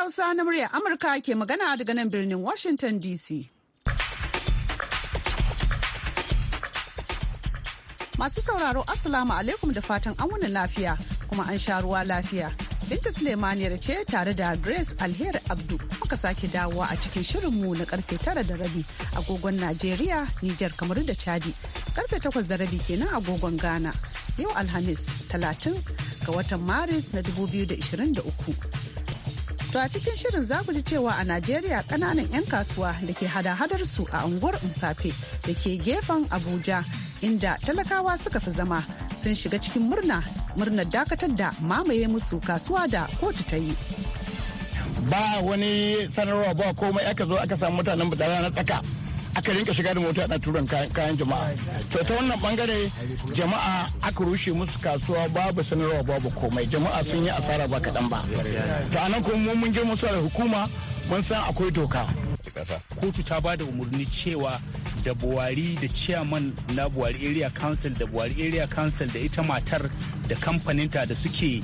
Hausa na murya Amurka ke magana daga nan birnin Washington DC. Masu sauraro asalamu alaikum da fatan an wani lafiya kuma an sha ruwa lafiya. Binta Sulemaniyar ce tare da Grace Alheri Abdu muka sake dawowa a cikin shirinmu na karfe tara da rabi agogon Najeriya, Nijar kamar da Chadi. Karfe takwas da rabi kenan agogon Ghana. Yau Alhamis talatin ga watan Maris na 2023. To a cikin shirin za ku ji cewa a Najeriya kananan 'yan kasuwa da ke hada-hadar su a unguwar Mfafe da ke gefen Abuja inda talakawa suka fi zama sun shiga cikin murna murnar dakatar da mamaye musu kasuwa da kotu ta yi. Ba wani sanarwa ba komai aka zo aka samu mutanen da na tsaka. aka rinka shiga da mota na turan kayan jama'a to ta wannan bangare jama'a aka rushe musu kasuwa babu sanarwa babu komai jama'a sun yi asara ba kaɗan ba ta anan kuma mun girma su da hukuma mun san akwai doka kotu ta ba da umarni cewa da buwari da chairman na buwari area council da buwari area council da ita matar da kamfaninta da suke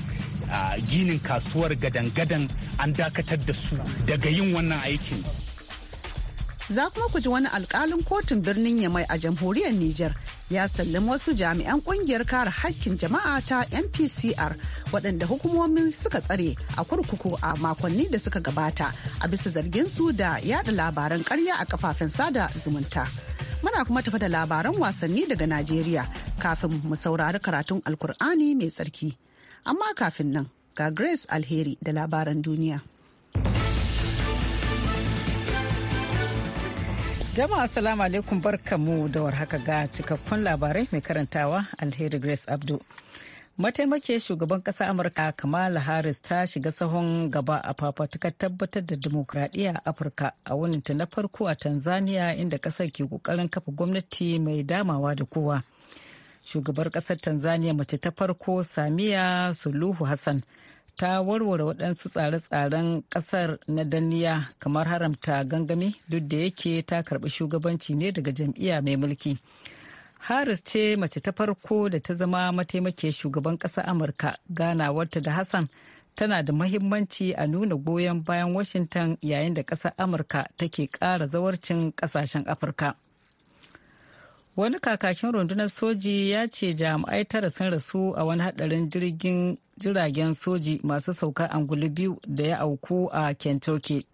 a ah, ginin kasuwar gadan-gadan an dakatar da su daga yin wannan aikin Za kuma ku ji wani alkalin kotun birnin Yamai a jamhuriyar Nijar ya sallama wasu jami'an kungiyar kare hakkin jama'a ta NPCR waɗanda hukumomin suka tsare a kurkuku a makonni da suka gabata a bisa zargin su da yada labaran ƙarya a kafafen sada zumunta. muna kuma tafi da labaran wasanni daga Najeriya kafin mu saurari karatun Alkur'ani mai tsarki. Amma kafin nan ga Grace Alheri da labaran duniya. Jama'a assalamu alaikum mu da warhaka ga cikakkun labarai mai karantawa alheri Grace Abdu. Mataimakiyar shugaban ƙasa Amurka Kamala Harris ta shiga sahun gaba a fafatukar tabbatar da demokradiyya a Afirka a wuninta na farko a Tanzania inda ƙasar ke ƙoƙarin kafa gwamnati mai damawa da kowa. Shugabar ƙasar Tanzania mace ta farko Samiya Suluhu Hassan. ta warware waɗansu tsare-tsaren ƙasar na Daniya, kamar haramta gangami duk da yake ta karɓi shugabanci ne daga jam'iyya mai mulki. Harris ce mace ta farko da ta zama mataimakiyar shugaban ƙasar Amurka ganawarta da Hassan tana da mahimmanci a nuna goyon bayan Washington yayin da ƙasar Amurka take ƙara zawarcin ƙasashen Afirka. wani kakakin rundunar soji ya ce jami'ai tara sun rasu a wani hadarin jirgin jiragen soji masu sauka angulu biyu da ya auku a kentucky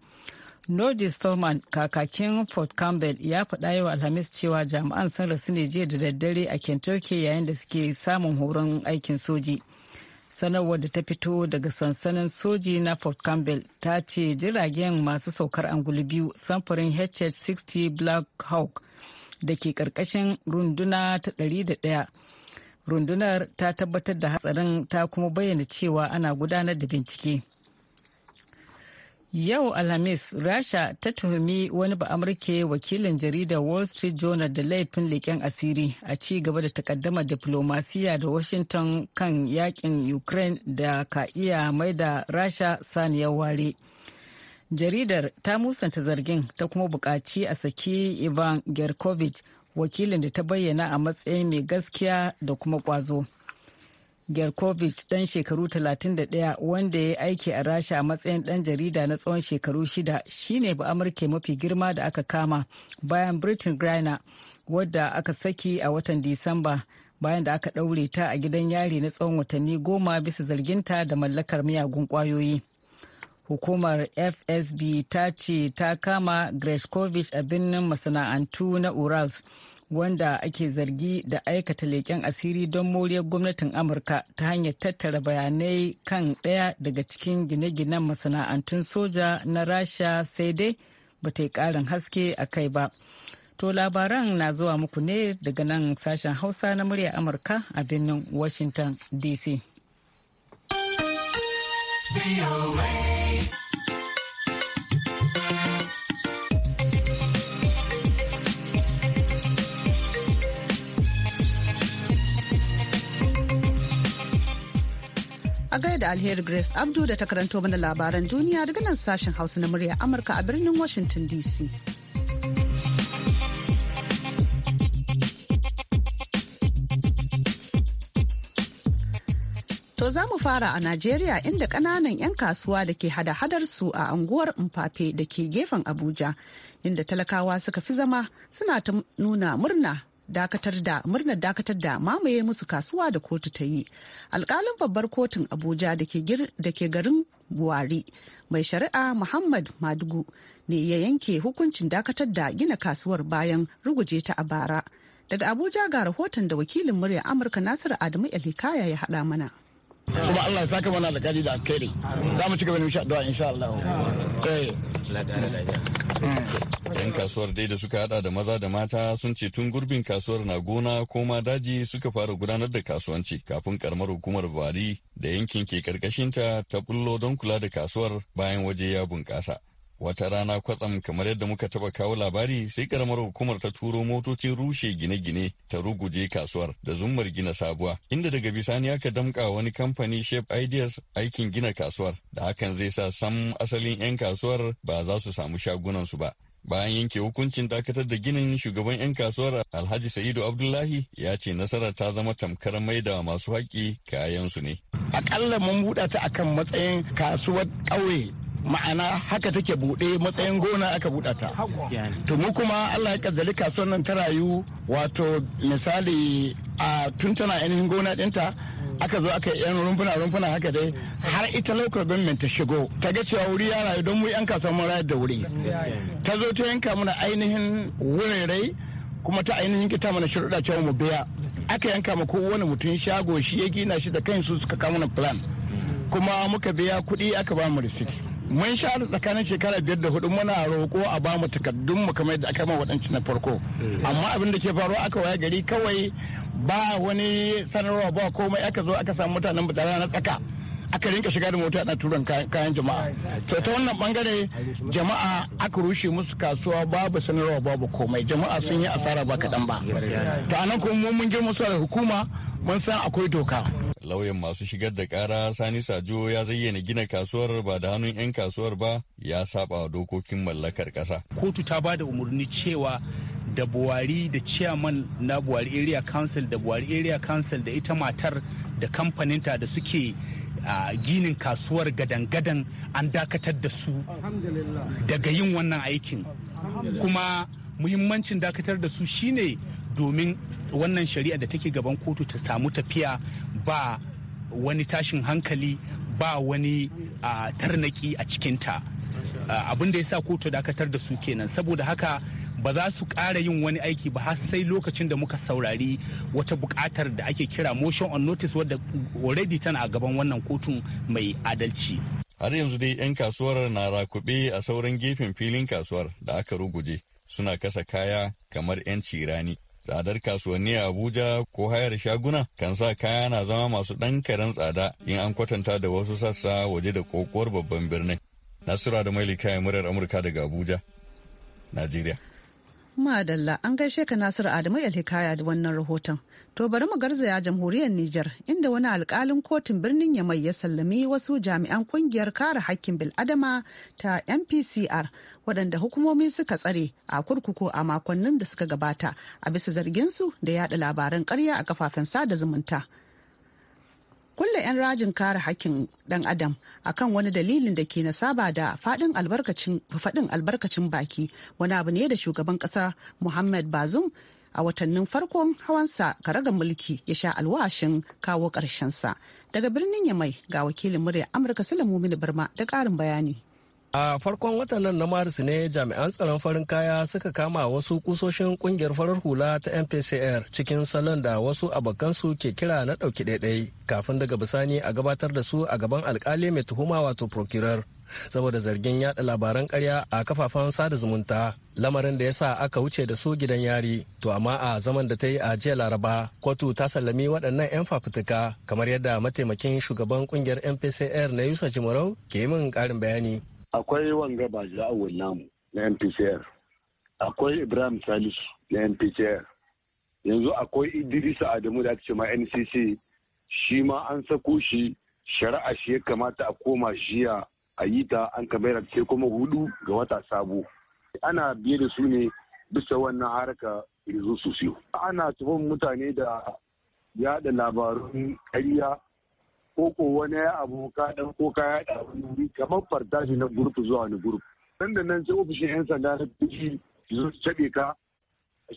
Noji Stoneman kakakin Fort Campbell ya faɗa yau Alhamis cewa jami'an sun rasu ne jiya da daddare a Kentucky yayin da suke samun horon aikin soji. Sanarwar da ta fito daga sansanin soji na Fort Campbell ta ce jiragen masu saukar angulu biyu samfurin HH-60 Black Hawk da ke ƙarƙashin runduna ta ɗari da ɗaya rundunar ta tabbatar da hatsarin ta kuma bayyana cewa ana gudanar da bincike yau alhamis rasha ta tuhumi wani ba'amurke wakilin jaridar wall street journal da laifin leƙen asiri a ci gaba da takaddama diplomasiya da washington kan yakin ukraine da ka iya da rasha saniyar ware. jaridar ta musanta zargin ta kuma bukaci a saki ivan gerkovich wakilin da ta bayyana a matsayin mai gaskiya da kuma ƙwazo gerkovich ɗan shekaru 31 wanda ya yi aiki a rasha a matsayin ɗan jarida na tsawon shekaru shida shine ba amurke mafi girma da aka kama bayan britain griner wadda aka saki a watan disamba bayan da aka ɗaure ta a gidan yari na tsawon watanni goma bisa zarginta da mallakar miyagun ƙwayoyi. Hukumar FSB ta ce ta kama Greshkovich a birnin masana'antu na Urals wanda ake zargi da aikata leƙen asiri don moriyar gwamnatin Amurka ta hanyar tattara bayanai kan ɗaya daga cikin gine-ginen masana'antun soja na Rasha sai dai ba ta yi ƙarin haske a kai ba. To labaran na zuwa muku ne daga nan sashen Hausa na murya Amurka a birnin Washington DC. a gaida alheri grace abdu da ta karanto mana labaran duniya daga nan sashen hausa na murya amurka a birnin washington dc za mu fara a Najeriya inda ƙananan 'yan kasuwa da ke hada-hadar su a unguwar Mfafe da ke gefen Abuja, inda talakawa suka fi zama suna ta nuna murna dakatar da murnar dakatar da mamaye musu kasuwa da kotu ta yi. Alƙalin babbar kotun Abuja da ke garin Buwari, mai shari'a Muhammad Madugu ne ya yanke hukuncin dakatar da gina kasuwar bayan ruguje ta a bara. Daga Abuja ga rahoton da wakilin murya Amurka Nasiru Adamu Elhikaya ya haɗa mana. kuma Allah ya saka mana alƙali da alkhairi za mu ci gaba da insha Allah eh. insha Allah Yan kasuwar dai da suka hada da maza da mata sun ce tun gurbin kasuwar na gona ko ma daji suka fara gudanar da kasuwanci kafin karamar hukumar bari da yankin ke karkashinta ta bullo don kula da kasuwar bayan waje ya bunƙasa. wata rana kwatsam kamar yadda muka taba kawo labari sai karamar hukumar ta turo motocin rushe gine-gine ta ruguje kasuwar da zummar gina sabuwa inda daga bisani aka damka wani kamfani shape ideas aikin gina kasuwar da hakan zai sa sam asalin 'yan kasuwar ba za su samu shagunan su ba bayan yanke hukuncin dakatar da ginin shugaban 'yan kasuwar alhaji sa'idu abdullahi ya ce nasara ta zama tamkar maida masu haƙi kayansu ne akalla mun buɗa ta akan matsayin kasuwar ƙauye ma'ana haka take buɗe matsayin gona aka buɗa ta to mu kuma allah ya kaddali kasuwar nan ta rayu wato misali a tun tana ainihin gona dinta aka zo aka yan rumfuna rumfuna haka dai har ita local government ta shigo ta ga cewa wuri ya rayu don mu yan kasuwa mun rayar da wuri ta zo ta yanka mana ainihin wurare kuma ta ainihin kita mana shirɗa cewa mu biya aka yanka ma kowane mutum shago shi ya gina shi da kansu suka kawo mana plan kuma muka biya kuɗi aka ba mu risiti mun sha tsakanin shekara biyar da hudu muna roƙo a ba mu takardun mu kamar yadda aka ma na farko eh. amma abin da ke faruwa aka waya gari kawai ba wani sanarwa ba komai aka zo aka samu mutanen mu na tsaka aka rinka shiga da mota na turan kayan jama'a to ta wannan bangare jama'a aka rushe musu kasuwa babu sanarwa babu komai jama'a sun yi asara ba kaɗan ba to anan kuma mun girma su da hukuma mun san akwai doka lauyan masu shigar da kara sani sajo ya zayyana gina kasuwar ba da hannun 'yan kasuwar ba ya saba wa dokokin mallakar ƙasa. kotu ta ba da umarni cewa da buwari da chairman na buwari area council da buwari area council da ita matar da kamfaninta da suke a ginin kasuwar gadan-gadan an dakatar da su daga yin wannan aikin kuma muhimmancin dakatar da su shine domin wannan shari'a da take gaban kotu ta samu tafiya ba wani tashin hankali ba wani uh, tarnaki a cikinta uh, abin da ya sa kotu dakatar da su kenan saboda haka ba za su ƙara yin wani aiki ba har sai lokacin da muka saurari wata buƙatar da ake kira motion on notice wadda already tana a gaban wannan kotun mai adalci. Har yanzu dai 'yan kasuwar na rakuɓe a sauran gefen filin kasuwar da aka ruguje suna kasa kaya kamar 'yan cirani. tsadar kasuwanni a Abuja ko hayar shaguna kan sa kaya na zama masu ɗan karen tsada in an kwatanta da wasu sassa waje da kokowar babban birnin. Nasura da Mailika muryar Amurka daga Abuja, Najeriya. Madalla an gaishe ka Nasiru Adamu Alhikaya da wannan rahoton. To bari mu garzaya jamhuriyar Nijar inda wani alkalin kotun birnin Yamai ya sallami wasu jami'an kungiyar kare hakkin bil'adama ta NPCR waɗanda hukumomi suka tsare a kurkuku a makonnin da suka gabata a bisa zarginsu da yada labaran ƙarya a kafafen sada zumunta. Kulle 'yan rajin kare hakkin ɗan adam akan wani dalilin da ke na saba da faɗin albarkacin baki wani abu ne da shugaban ƙasar muhammad bazum a watannin farkon hawansa karagar mulki ya sha alwashin kawo ƙarshensa daga birnin yamai ga wakilin murya amurka sulamu mini barma da ƙarin bayani A farkon watan na Maris ne jami'an tsaron farin kaya suka kama wasu kusoshin kungiyar farar hula ta MPCR cikin salon da wasu abokansu ke kira na ɗauki ɗaiɗai kafin daga bisani a gabatar da su a gaban alkali mai tuhuma wato procurer. saboda zargin yada labaran karya a kafafen sada zumunta lamarin da ya sa aka wuce da su gidan yari to amma a zaman da ta yi a jiya laraba kotu ta sallami waɗannan 'yan fafutuka kamar yadda mataimakin shugaban kungiyar mpcr na Yusuf jimarau ke min ƙarin bayani akwai wanga baji awul namu na mpcr akwai ibrahim salisu na mpcr yanzu akwai idrisa adamu da ake ncc shi ma an sako shi shari'a shi ya kamata a koma jiya a yi ta an kamar ce kuma hudu ga wata sabo ana biye da su ne bisa wannan harka yanzu su siyo ana tuhon mutane da yada labarun ƙarya ko ko wani abu ka dan ko ka ya da wani kamar fartashi na gurfi zuwa wani gurfi dan da nan sai ofishin yan sanda na fiji su caɗe ka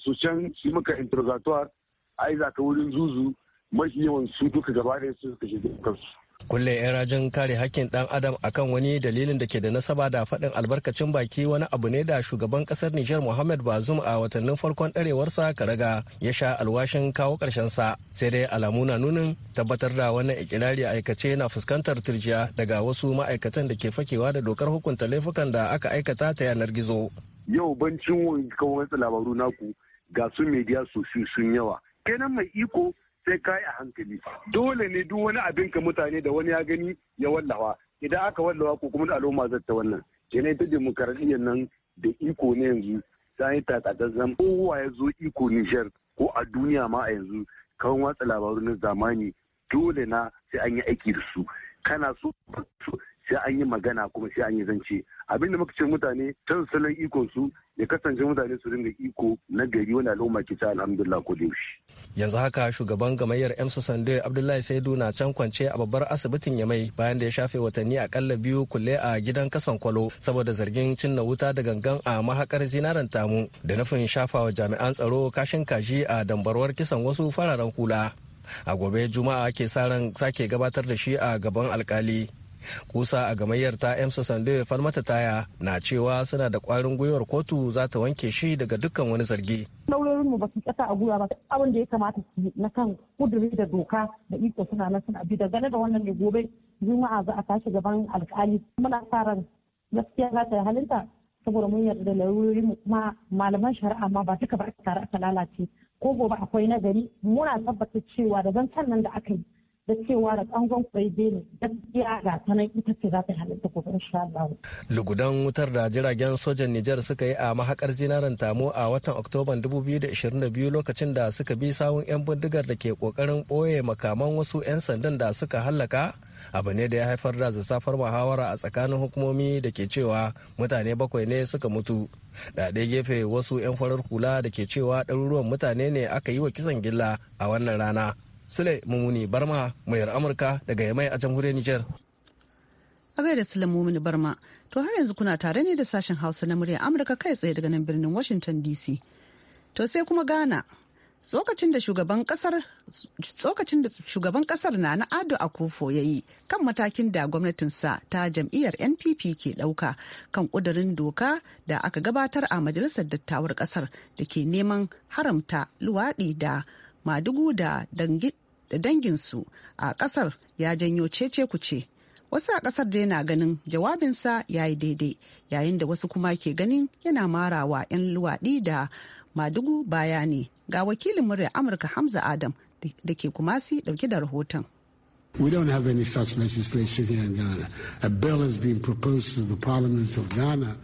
su can su maka interrogatoire ai wurin zuzu mafi yawan su duka gaba da su suka shiga kansu kulle 'yan rajin kare hakkin dan adam akan wani dalilin da ke da nasaba da faɗin albarkacin baki wani abu ne da shugaban ƙasar Nijar Muhammad Bazoum a watannin farkon ɗarewarsa karaga ya sha alwashin kawo ƙarshen sa sai dai alamu na nunin tabbatar da wannan ikirari aikace na fuskantar turjiya daga wasu ma'aikatan da ke fakewa da dokar hukunta laifukan da aka aikata ta yanar gizo. Yau bancin kawo labaru naku ga su media sosai sun yawa. Kenan mai iko sai ka a hankali dole ne duk wani abin ka mutane da wani ya gani ya wallawa idan aka wallawa ko kuma al'umma ta wannan kenan ita demokaradiyyar nan da iko ne yanzu ta yi kowa ya zo iko nijar ko a duniya ma a yanzu kawai watsa labaru na zamani dole na sai an yi aiki da su kana so sai an yi magana kuma sai an yi zance abin da muka ce mutane can salon ikon su ya kasance mutane su dinga iko na gari wani al'umma ke ta alhamdulillah ko da yaushe yanzu haka shugaban gamayyar emsa sande abdullahi saidu na can kwance a babbar asibitin yamai bayan da ya shafe watanni akalla biyu kulle a gidan kasan kwalo saboda zargin cinna wuta da gangan a mahakar zinaren tamu da nufin shafawa jami'an tsaro kashin kashi a dambarwar kisan wasu fararen hula a gobe juma'a ke sa ran sake gabatar da shi a gaban alkali kusa a gamayyar ta emsa sande falmata taya na cewa suna da kwarin gwiwar kotu za ta wanke shi daga dukkan wani zargi lauyoyin mu ba su kasa a gwiwa ba abin da ya kamata su yi na kan kuduri da doka da iko suna nan suna bi da gane da wannan ne gobe juma'a za a tashi gaban alkali muna sa ran gaskiya za ta yi halinta saboda mun yarda da lauyoyin mu kuma malaman shari'a ma ba duka ba tare aka lalace ko gobe akwai nagari muna tabbatar cewa da zan nan da aka yi da cewa da kangon kwaide ne gaskiya ga sanan ita ce za ta halitta gobe sha Allah. Lugudan wutar da jiragen sojan Nijar suka yi a mahakar zinaren tamo a watan Oktoban 2022 lokacin da suka bi sawun 'yan bindigar da ke kokarin ɓoye makaman wasu 'yan sandan da suka hallaka abu ne da ya haifar da zazzafar muhawara a tsakanin hukumomi da ke cewa mutane bakwai ne suka mutu da gefe wasu 'yan farar kula da ke cewa ɗaruruwan mutane ne aka yi wa kisan gilla a wannan rana Sule Mumuni Barma, muryar Amurka daga Yamai a jamhuriyar Nijar. A gaida Sule Mumuni Barma, to har yanzu kuna tare ne da sashen Hausa na muryar Amurka kai tsaye daga nan birnin Washington DC. To sai kuma Ghana. Tsokacin da shugaban kasar na na Ado Akufo ya yi kan matakin da gwamnatinsa ta jam'iyyar NPP ke ɗauka kan ƙudurin doka da aka gabatar a majalisar dattawar ƙasar da ke neman haramta luwaɗi da madugu da danginsu a kasar ya janyo cece kuce wasu a kasar da yana ganin jawabinsa ya yi daidai yayin da wasu kuma ke ganin yana marawa 'yan luwaɗi da madugu baya ne ga wakilin murya amurka hamza adam da ke kumasi dauke da rahoton We don't have any such legislation here in Ghana. A bill has been proposed to the Parliament of Ghana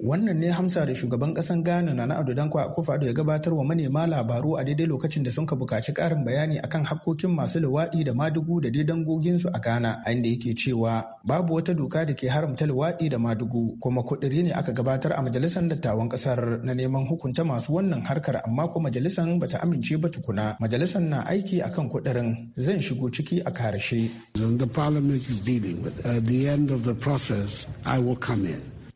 Wannan ne hamsa da shugaban kasan Ghana na na Dankwa kofa addo ya gabatar wa manema labaru a daidai lokacin da sun ka buƙaci ƙarin bayani akan hakkokin masu luwaɗi da madugu da dai goginsu a Ghana, a inda yake cewa babu wata doka da ke haramta luwaɗi da madugu kuma kuɗiri ne aka gabatar a majalisar dattawan ƙasar na neman hukunta masu wannan harkar amma ko majalisar bata amince ba tukuna. Majalisar na aiki akan kuɗirin zan shigo ciki a karshe. The parliament is process, I will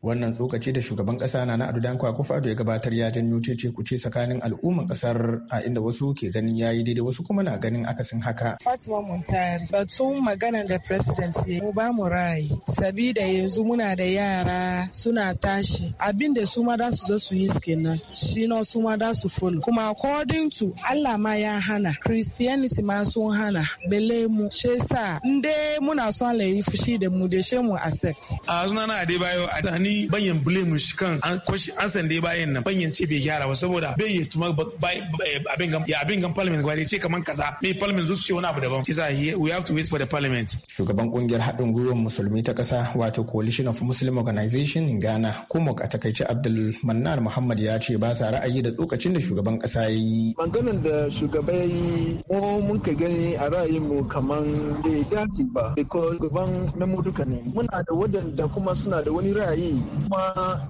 wannan tsokaci da shugaban kasa na adu dan kwakufa ya gabatar ya janyo cece kuce tsakanin al'umman kasar a inda wasu ke ganin yayi daidai wasu kuma na ganin akasin haka fatima muntari batun maganar da president ya mu ba mu rai sabida yanzu muna da yara suna tashi abin da su ma da su zo su yi kenan shi na su ma da su follow kuma according to Allah ma ya hana christianity ma sun hana bele mu shi sa in dai muna son layi fushi da mu da mu accept a na adebayo a ni banyan blame shi kan an kwashi an sande bayan nan banyan ce bai gyara ba saboda bai yi tuma eh, abin ya abin gan parliament gwari ce kaman kasa. bai parliament zuwa ce wani abu daban kisa we have to wait for the parliament shugaban kungiyar haɗin gwiwar musulmi ta ƙasa wato coalition of muslim organization in ghana komok a takaice abdul mannar muhammad ya ce ba sa ra'ayi da tsokacin da shugaban ƙasa ya yi maganar da shugaba ya yi mun ka gani a ra'ayin mu kaman bai dace ba because gaban na mutuka ne muna da wadanda kuma suna da wani ra'ayi kuma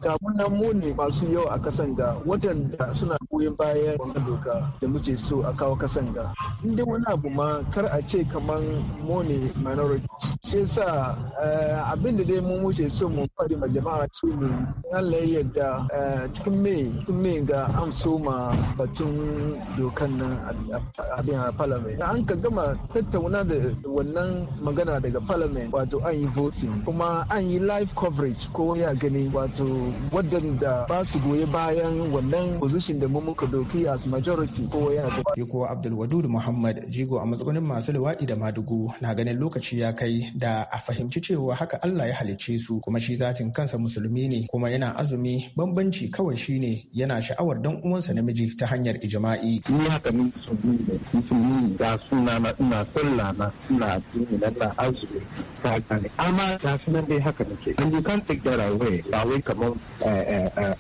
kamun nan mu ne masu yau a kasan da da suna goyon baya wannan doka da muke so a kawo kasan ga inda wani abu ma kar a ce kamar mone minority shi yasa eh, abin da dai mu muke so mu fadi ma jama'a su ne Allah ya yarda eh, cikin me cikin me ga an ma batun dokan nan abin a parliament an ka gama tattauna da wannan magana daga parliament wato an yi voting kuma an yi live coverage ko ya gani wato wadanda ba su goyi bayan wannan position da mu muka doki as majority ko yana da ko Abdul Wadud Muhammad jigo a matsugunin masu luwadi da madugu na ganin lokaci ya kai da a fahimci cewa haka Allah ya halicce su kuma shi zatin kansa musulmi ne kuma yana azumi bambanci kawai shine yana sha'awar dan uwansa namiji ta hanyar ijma'i ni haka ni musulmi ne musulmi da suna na ina sallah na ina addini na ina azumi ta kan amma da sunan dai haka nake and you can't take that away ba wai kamar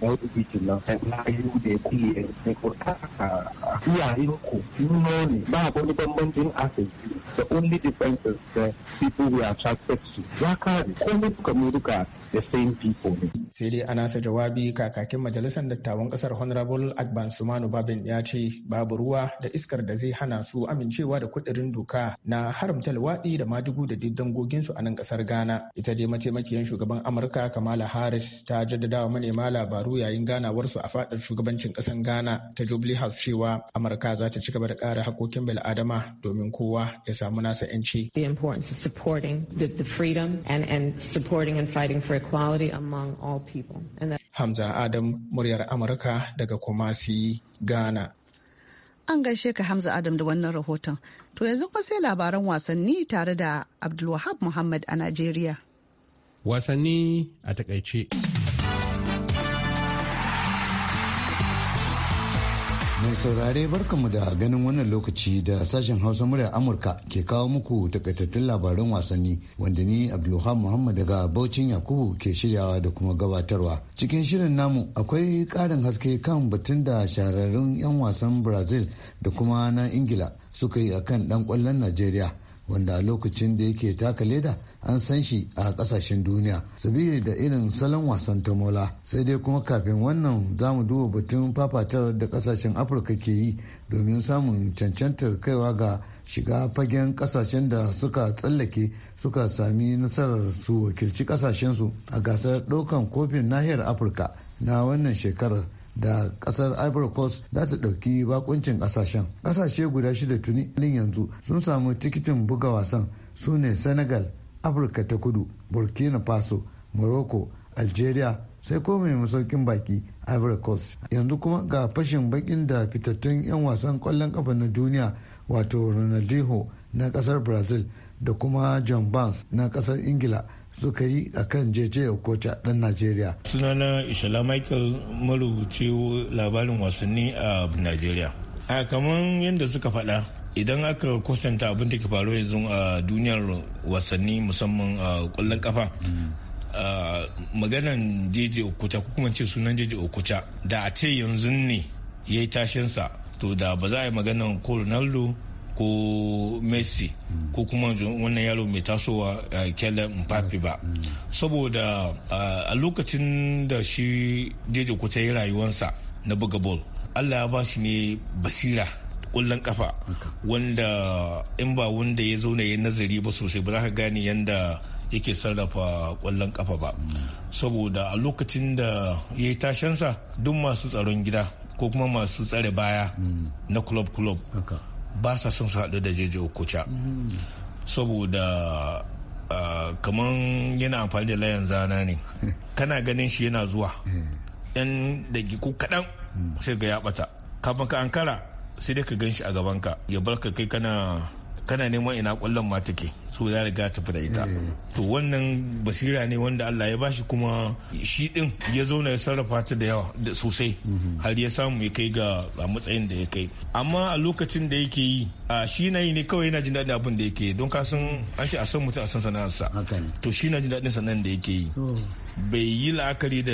LGBT eh, eh, eh, na na yi da mai kurta a iyayen ku nuno ne ba wani bambancin asali the only difference is the people we are attracted to ya kare komai duka mu duka the same people ne. sai dai ana sa jawabi kakakin majalisar dattawan kasar honorable agban sumanu babin ya ce babu ruwa da iskar da zai hana su amincewa da kudirin doka na haramta luwaɗi da madugu da su a nan kasar ghana ita dai mataimakiyar shugaban amurka kamala harris ta jaddadawa manema labaru yayin ganawarsu a fadar shugabancin kasar ghana Ghana ta Jubilee House cewa Amurka za ta ci gaba da kare hakokin bil'adama domin kowa ya samu nasa 'yanci. The importance of supporting the, the freedom and, and supporting and fighting for equality among all people. And Hamza Adam, muryar Amurka daga Kumasi, Ghana. An gaishe ka Hamza Adam da wannan rahoton. To yanzu kuma sai labaran wasanni tare da Abdulwahab Muhammad a Najeriya. Wasanni a takaice. mai saurare barkanmu da ganin wannan lokaci da sashen hausa murya amurka ke kawo muku takaitattun labaran wasanni wanda ni abdulhamid muhammad daga baucin yakubu ke shiryawa da kuma gabatarwa cikin shirin namu akwai karin haske kan batun da shahararrun 'yan wasan brazil da kuma na ingila suka yi akan dan kwallon najeriya wanda lokacin da yake taka leda an san shi a kasashen duniya sabili da irin salon wasan tamola. sai dai kuma kafin wannan zamu duba batun fafatar da kasashen afirka ke yi domin samun cancantar kaiwa ga shiga fagen kasashen da suka tsallake suka sami nasarar su wakilci su. a gasar ɗaukan kofin nahiyar afirka na wannan shekarar da kasar ivory coast za ta ɗauki bakuncin kasashen kasashe guda shida tuni yanzu sun samu tikitin buga wasan su ne senegal afirka ta kudu burkina faso morocco algeria sai ko mai masaukin baki ivory coast yanzu kuma ga fashin bakin da fitattun 'yan wasan kwallon kafa na duniya wato ronaldinho na kasar brazil da kuma john barnes na kasar ingila suka yi a kan jeje okocha dan najeriya sunana ishala michael marubuci labarin wasanni a najeriya a kamar yadda suka faɗa idan aka kwatanta abin da ke faru yanzu a duniyar wasanni musamman a kwallon kafa maganan jeje okuta ko kuma ce sunan jeje okuta da a ce yanzu ne ya yi tashinsa to da ba za a yi maganan ko ronaldo ko messi ko kuma wannan yaro mai tasowa kela mbappe ba saboda a lokacin da shi jeje okuta ya rayuwansa na buga bol allah ya ba shi ne basira ƙwallon kafa wanda in ba wanda ya zo na yi nazari ba sosai ba za ka gane yadda yake sarrafa ƙwallon kafa ba saboda a lokacin da ya yi tashansa duk masu tsaron gida ko kuma masu tsare baya na club club ba sa son su haɗu da jeje okocha saboda kamar yana amfani da layan zana ne kana ganin shi yana zuwa yan eh. giku kaɗan hmm. sai ga ya ɓata kafin ka ankara sai dai ka gan shi a gabanka ya bar ka kai kana kana neman ina kwallon ma take so ya riga tafi da ita eh. to wannan basira ne wanda Allah ya bashi kuma shi din ya zauna ya sarrafa ta da yawa da sosai mhm. har ya samu ya kai ga matsayin da ya kai amma a lokacin da yake yi a shi na yi ne kawai yana jin daɗin abin da yake yi don ka san an ce a san mutum a san sana'arsa to shi na jin daɗin sana'ar da yake yi bai yi la'akari da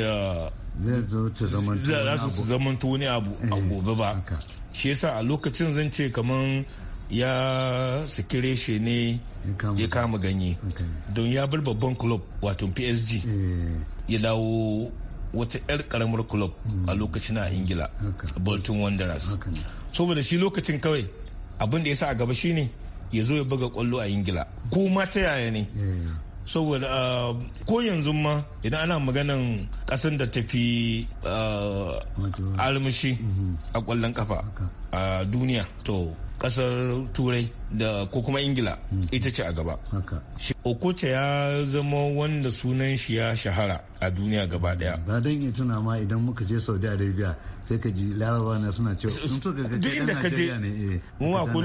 zo su zamanto wani abu a eh, gobe ba shi yasa a lokacin zan ce kamar ya sikire shi ne ya kama ganye don ya bar babban club wato psg eh. ya dawo wata 'yar karamar club a hmm. lokacin a ingila bolton wanderers saboda shi lokacin kawai abin da ya sa a gaba shine ya zo ya buga kwallo a ingila ko ma ta yaya ne eh. saboda um, ko yanzu ma idan ana maganan kasan da ta fi uh, mm-hmm. a kwallon kafa a duniya to kasar turai da ko kuma ingila hmm. ita ce a gaba okocha ya zama wanda sunan shi ya shahara a duniya gaba daya ba don yi tuna ma idan muka je saudi arabia sai ka ji larabawa na suna cewa duk inda ka je eh, mu akwai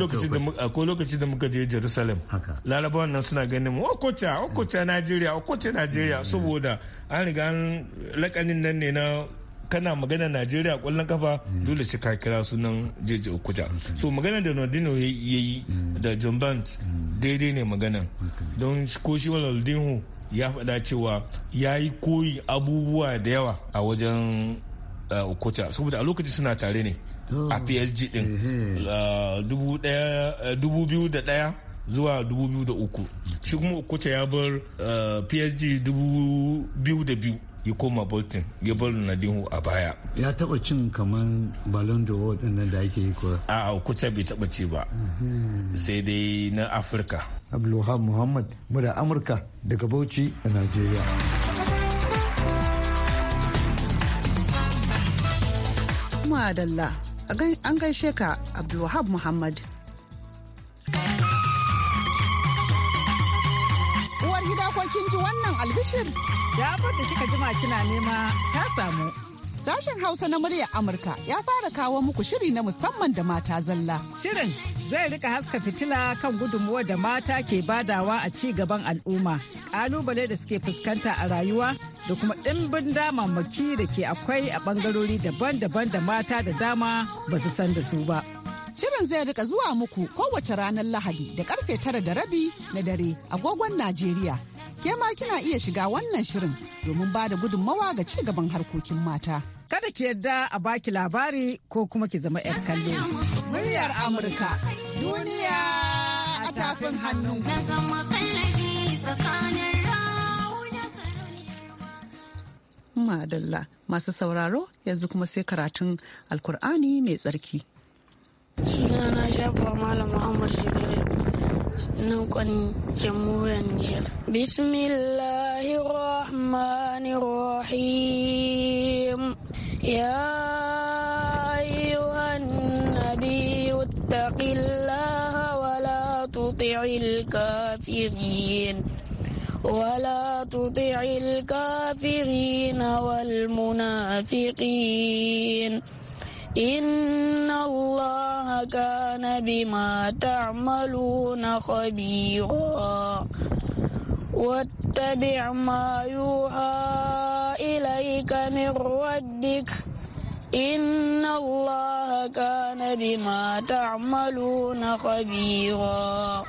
lokaci da muka je jerusalem larabawa nan suna ganin mu okocha okocha najeriya okocha najeriya hmm. saboda an riga lakanin nan ne na kana magana najeriya kwallon kafa mm. dole shi ka kira sunan jeje Okuja. Mm. so magana da Nordino ya yi mm. da john bant daidai ne magana don ko shi ya faɗa cewa ya yi koyi abubuwa da yawa a wajen uh, Okuja. saboda a lokaci suna tare ne a psg din uh, uh, ɗaya zuwa 2003 shi kuma okuca ya bar psg 2002 ya koma bolton ya bar ronaldinho a baya ya taba cin kaman ballon d'or waɗannan da ake yi kuwa a kuta bai taba ci ba mhm. sai dai na afirka abdulwahab muhammad muna amurka daga bauchi a nigeria madalla an gaishe ka abdulwahab muhammad uwar gida ko kin ji wannan albishir? Ya da kika jima kina nema ta samu. Sashen Hausa na muryar Amurka ya fara kawo muku shiri na musamman da mata zalla. Shirin zai rika haska fitila kan gudunmuwa da mata ke badawa a ci gaban al'umma, ƙalubale da suke fuskanta a rayuwa da kuma ɗimbin damammaki da ke akwai a ɓangarori daban-daban da mata da dama ba su san da su ba. Shirin zai rika zuwa muku kowace ranar Lahadi da karfe tara da rabi na dare agogon Najeriya. Ke ma kina iya shiga wannan shirin domin ba da gudunmawa ga ci gaban harkokin mata. Kada ki yarda a baki labari ko kuma ki zama 'yan kallo. Muryar Amurka, duniya a tafin hannu. Madalla masu sauraro yanzu kuma sai karatun Alkur'ani mai tsarki. sunana jafa malam muhammad jibril nan kwan jamhuriyar nijar bismillahirrahmanirrahim ya ayyuhan nabi ittaqillaha wala tuti'il kafirin ولا تطع الكافرين والمنافقين إن الله كان بما تعملون خبيرا واتبع ما يوحى إليك من ربك إن الله كان بما تعملون خبيرا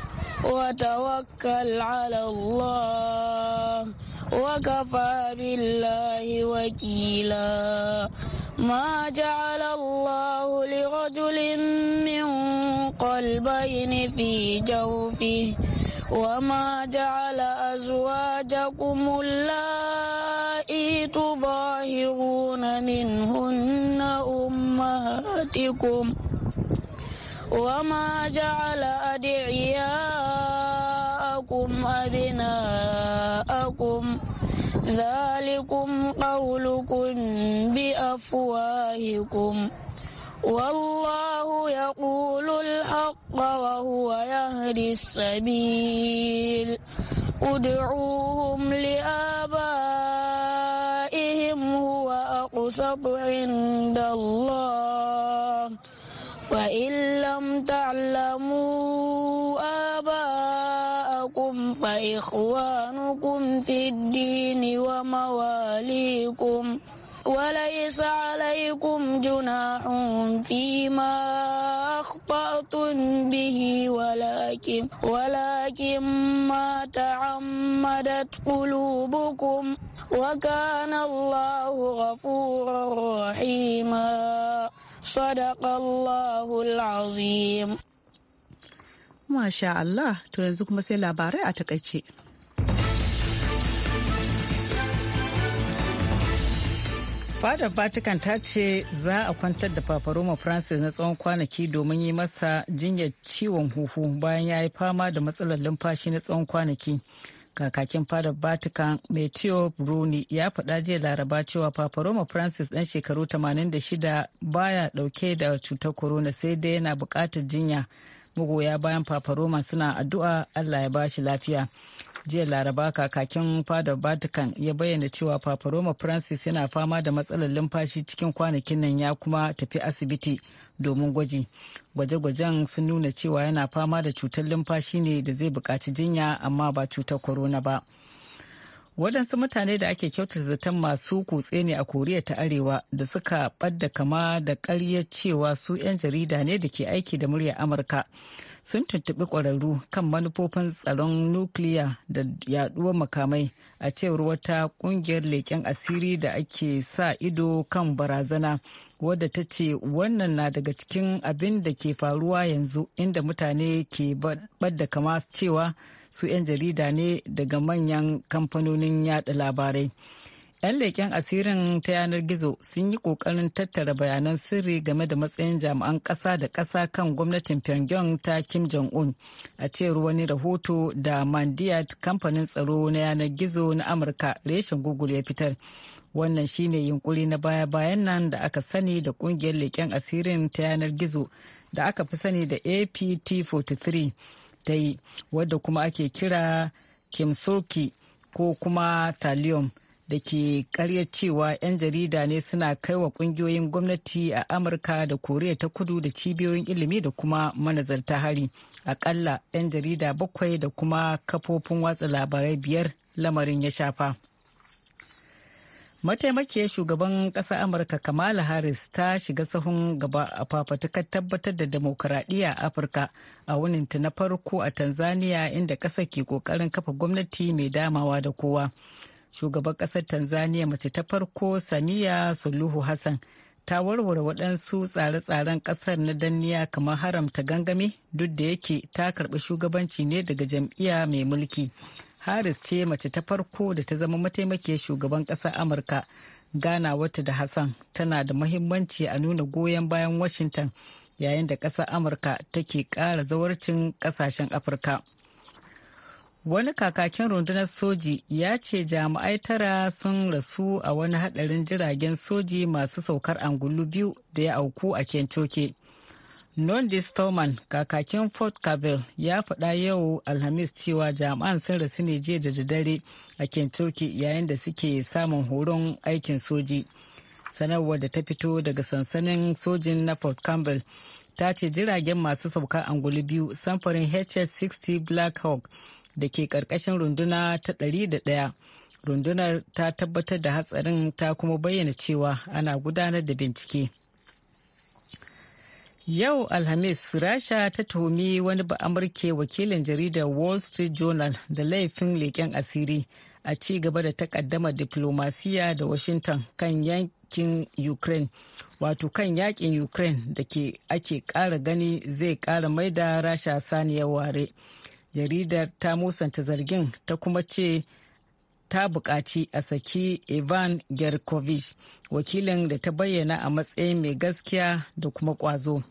وتوكل على الله وكفى بالله وكيلا ما جعل الله لرجل من قلبين في جوفه وما جعل أزواجكم اللائي تظاهرون منهن أمهاتكم وما جعل أدعياءكم أبناءكم ذلكم قولكم بأفواهكم والله يقول الحق وهو يهدي السبيل ادعوهم لآبائهم هو أقسط عند الله فإن لم تعلموا آبائهم مولاكم فإخوانكم في الدين ومواليكم وليس عليكم جناح فيما أخطأتم به ولكن ولكن ما تعمدت قلوبكم وكان الله غفورا رحيما صدق الله العظيم Masha Allah, to yanzu kuma sai labarai a takaice. fadar vatican ta ce za a kwantar da fafaroma francis na tsawon kwanaki domin yi masa jinyar ciwon huhu bayan ya yi fama da matsalar lumfashi na tsawon kwanaki kakakin fadar vatican meteo bruni ya faɗa jiya laraba cewa fafaroma francis ɗan shekaru 86 baya ɗauke da cutar corona sai dai yana buƙatar jinya magoya bayan fafaroma suna addu'a allah ya ba shi lafiya jiya laraba kakakin fadar vatican ya bayyana cewa fafaroma francis yana fama da matsalar lumfashi cikin kwanakin nan ya kuma tafi asibiti domin gwaji gwaje-gwajen sun nuna cewa yana fama da cutar lumfashi ne da zai buƙaci jinya amma ba cutar corona ba. wadansu mutane da ake kyautata zaton masu kutse ne a koriya ta arewa da suka ɓadda kama da ƙaryar cewa su 'yan jarida ne da ke aiki da muryar amurka sun tuntuɓi ƙwararru kan manufofin tsaron nukiliya da yaɗuwar makamai a cewar wata ƙungiyar leƙen asiri da ake sa ido kan barazana wadda ta ce wannan na daga cikin abin da ke faruwa yanzu inda mutane ke ɓadda kama cewa su 'yan jarida ne daga manyan kamfanonin yada labarai. 'Yan leƙen asirin ta yanar gizo sun yi ƙoƙarin tattara bayanan sirri game da matsayin jami'an ƙasa da ƙasa kan gwamnatin Pyongyang ta Kim Jong-un a cewar wani rahoto da Mandiyat kamfanin tsaro na yanar gizo na Amurka reshen Google ya fitar. Wannan shine yunkuri na baya-bayan nan da aka sani da ƙungiyar leƙen asirin ta yanar gizo da aka fi sani da APT 43. ta yi wadda kuma ake kira kimsoki ko kuma talium da ke karya cewa 'yan jarida ne suna kaiwa kungiyoyin gwamnati a amurka da koriya ta kudu da cibiyoyin ilimi da kuma manazarta hari akalla 'yan jarida bakwai da kuma kafofin watsa labarai biyar lamarin ya shafa. mataimakiyar shugaban ƙasar amurka kamala harris ta shiga sahun gaba a fafatukar tabbatar da demokuraɗiyya a afirka a wuninta na farko a tanzania inda ƙasar ke ƙoƙarin kafa gwamnati mai damawa da kowa shugaban ƙasar tanzania mace ta farko samiya suluhu hassan ta warware waɗansu tsare-tsaren ƙasar na danniya kamar haramta gangami duk da yake ta karɓi shugabanci ne daga jam'iyya mai mulki. harris ce mace ta farko da ta zama mataimakiyar shugaban ƙasar amurka wata da hassan tana da mahimmanci a nuna goyon bayan washington yayin da ƙasar amurka take ƙara zawarcin ƙasashen afirka wani kakakin rundunar soji ya ce jami'ai tara sun rasu a wani haɗarin jiragen soji masu saukar angulu biyu da ya auku a kentoke Nondis Stoman kakakin Fort Cabell ya faɗa yau Alhamis cewa jami'an sun rasu ne jiya da dare a Kentucky yayin da suke samun horon aikin soji. Sanarwar da ta fito daga sansanin sojin na Fort Campbell ta ce jiragen masu sauka angulu biyu samfurin HS-60 Black Hawk da ke ƙarƙashin runduna ta da 101. Rundunar ta tabbatar da hatsarin ta kuma bayyana cewa ana gudanar da bincike. Yau Alhamis Rasha ta tuhumi wani ba'amurke wakilin jaridar Wall Street Journal da laifin leƙen asiri a ci gaba da takaddama diplomasiya da Washington kan yankin Ukraine. Wato kan yakin Ukraine da ke ake ƙara gani zai ƙara maida Rasha saniyar ware. Jaridar ta musanta zargin ta kuma ce ta buƙaci a saki Ivan Gerkovich wakilin da ta bayyana a matsayin mai gaskiya da kuma kwazo.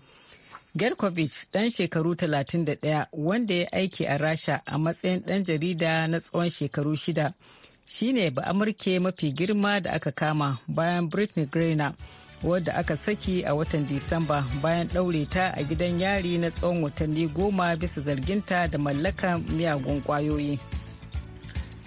Gerkovich ɗan shekaru 31 wanda ya aiki a Rasha a matsayin ɗan jarida na tsawon shekaru shida shine ba Amurke mafi girma da aka kama bayan Britney Griner wadda aka saki a watan Disamba bayan ɗaure ta a gidan yari na tsawon watanni goma bisa zarginta da mallakan miyagun ƙwayoyi.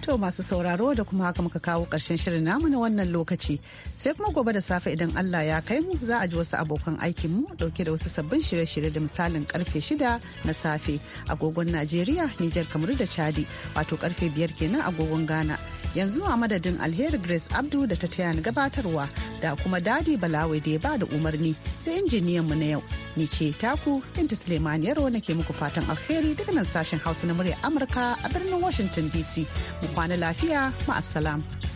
To masu sauraro da kuma haka muka kawo ƙarshen shirin namu na wannan lokaci. Sai kuma gobe da safe idan Allah ya kai mu za a ji wasu abokan aikin mu dauke da wasu sabbin shirye-shirye da misalin karfe shida na safe agogon Najeriya, Nijar, Kamaru da Chadi wato karfe biyar kenan agogon Ghana. yanzu a madadin alheri grace abdu da ta taya ni gabatarwa da kuma dadi balawai da ya ba da umarni da injiniyan mu na yau ni ce taku inda suleiman yaro nake muku fatan alheri daga nan sashen hausa na murya amurka a birnin washington dc mu kwana lafiya ma'assalam.